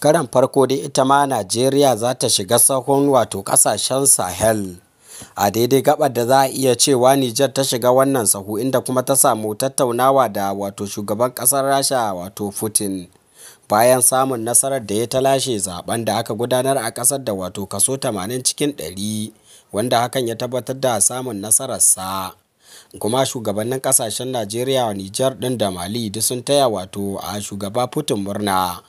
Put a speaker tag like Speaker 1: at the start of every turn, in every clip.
Speaker 1: karan farko dai ita ma najeriya za ta shiga sahun wato kasashen sahel a daidai gabar da za a iya cewa nijar ta shiga wannan sahu inda kuma ta samu tattaunawa da wato shugaban kasar rasha wato putin bayan samun nasarar da ya ta lashe zaben da aka gudanar a kasar da wato kaso 80 cikin 100 wanda hakan ya tabbatar da samun nasarar sa, kuma shugabannin kasashen najeriya nijar din da mali duk sun taya wato a shugaba putin murna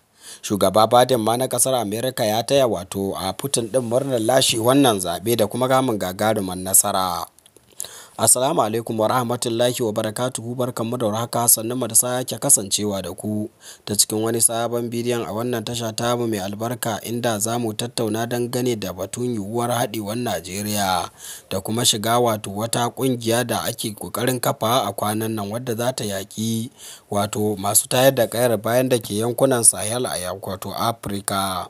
Speaker 1: shugaba biden ma na kasar amerika ya taya wato a putin din murnar lashe wannan zaɓe da kuma gamun gagarumar nasara Assalamu alaikum wa rahmatullahi wa barakatuhu barkanmu da warhaka mu da sake kasancewa da ku ta cikin wani sabon bidiyon a wannan tasha tamu mai albarka inda za mu tattauna dangane da batun yiwuwar haɗewar Najeriya da kuma shiga wato wata ƙungiya da ake ƙoƙarin kafa a kwanan nan wadda za ta yaƙi wato masu tayar da ƙayar bayan da ke yankunan Sahel a wato Afirka.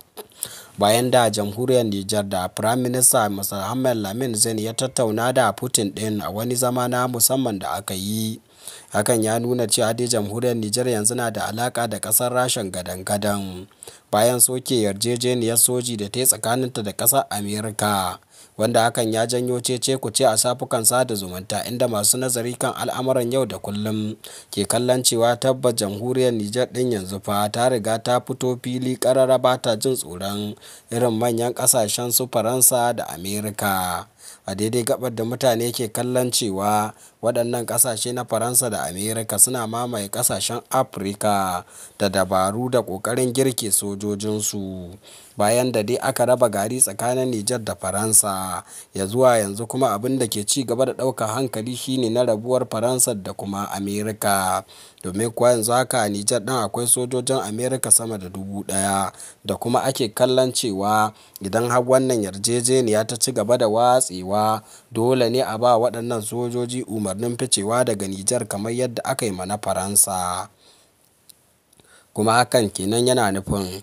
Speaker 1: bayan da jamhuriyar Nijar da Firaminista Mr. Hamad Lamin Zain ya tattauna da Putin ɗin a wani zama na musamman da aka yi. Hakan ya nuna cewa dai jamhuriyar Nijar yanzu na da alaƙa da ƙasar Rashan gadan-gadan, bayan soke yarjejeniyar soji da ta yi tsakaninta da ƙasar Amerika wanda hakan ya janyo cece ce a safukan sada zumunta, inda masu nazari kan al'amuran yau da kullum ke kallon cewa tabbas jamhuriyar Nijar ɗin yanzu fa ta riga ta fito fili ƙarara ba ta jin tsoron irin manyan ƙasashen su Faransa da Amerika. a daidai gabar da mutane ke kallon cewa waɗannan ƙasashe na Faransa da Amerika suna mamaye ƙasashen Afirka da dabaru da ƙoƙarin girke sojojinsu. Bayan da dai aka raba gari tsakanin Nijar da Faransa ya zuwa yanzu kuma abin da ke ci gaba da ɗaukar hankali shine na rabuwar faransa da kuma Amerika, domin kuwa yanzu haka a Nijar ɗin akwai sojojin Amerika sama da dubu ɗaya da kuma ake kallon cewa idan har wannan yarjejeniya ta ci gaba da watsi watsewa. Dole ne a ba waɗannan sojoji umarnin ficewa daga Nijar kamar yadda aka yi mana Faransa. Kuma hakan kenan yana nufin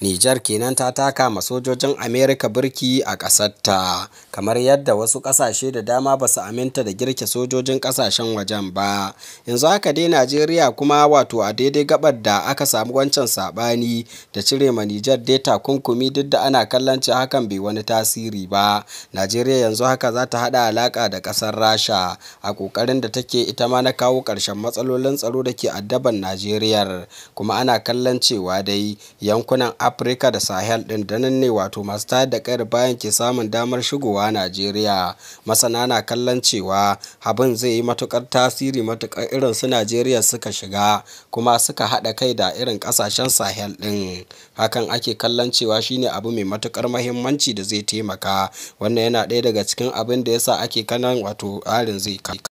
Speaker 1: Nijar kenan ta taka ma sojojin Amerika birki a ƙasarta, kamar yadda wasu ƙasashe da dama ba su aminta da girke sojojin ƙasashen wajen ba. Yanzu haka dai Najeriya kuma wato a daidai gabar da aka samu wancan saɓani da cire ma Nijar dai takunkumi duk da ana kallon ci hakan bai wani tasiri ba. Najeriya yanzu haka za ta haɗa alaƙa da ƙasar Rasha a ƙoƙarin da take ita ma na kawo ƙarshen matsalolin tsaro da ke addaban Najeriya, kuma ana kallon cewa dai yankunan afirka da sahel ɗin da nan ne wato masu tayar da kayar bayan ke samun damar shigowa najeriya masana na kallon cewa abin zai yi matukar tasiri matukar irin su najeriya suka shiga kuma suka haɗa kai da irin ƙasashen sahel ɗin hakan ake kallon cewa shine abu mai matukar muhimmanci da zai taimaka wannan yana ɗaya daga cikin abin da yasa ake kanan wato tsarin zai